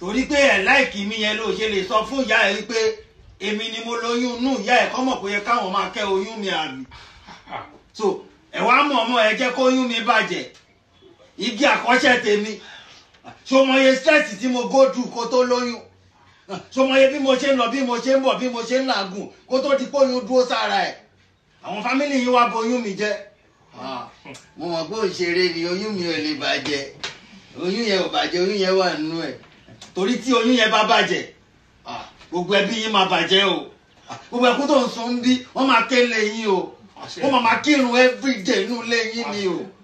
torí pé ẹ̀ láìkì mi yẹn ló ṣe lè sọ fún ìyá ẹ̀ wípé èmi ni mo lóyún inú ìyá ẹ̀ kọ́ mọ̀ pé yẹ káwọn máa kẹ́ oyún mi àbí so ẹ̀ wá mọ̀ ọmọ ẹ jẹ́ kóyún mi bàjẹ́ igi àkọ́ṣẹ́ tèmi so mo ye stress tí mo go through kó tó lóyún so mo ye bí mo ṣe ń lọ bí mo ṣe ń bọ̀ bí mo ṣe ń làágùn kó tó di kóyún dúró sára ẹ̀ àwọn fámìlì yìí wá boyún mi jẹ́ ah, mo mọ̀ pé òṣèré ni oyún mi ò lè bàjẹ́ oyún yẹn ò bàjẹ́ oyún yẹn wà nínú ẹ̀ torí tí oyún yẹn bá bàjẹ́ gbogbo ẹbí yín máa bàjẹ́ o gbogbo ẹkú tó ń sun bí wọ́n máa kéle yín o wọ́n máa kírun everyday nínú ilé yín ni o.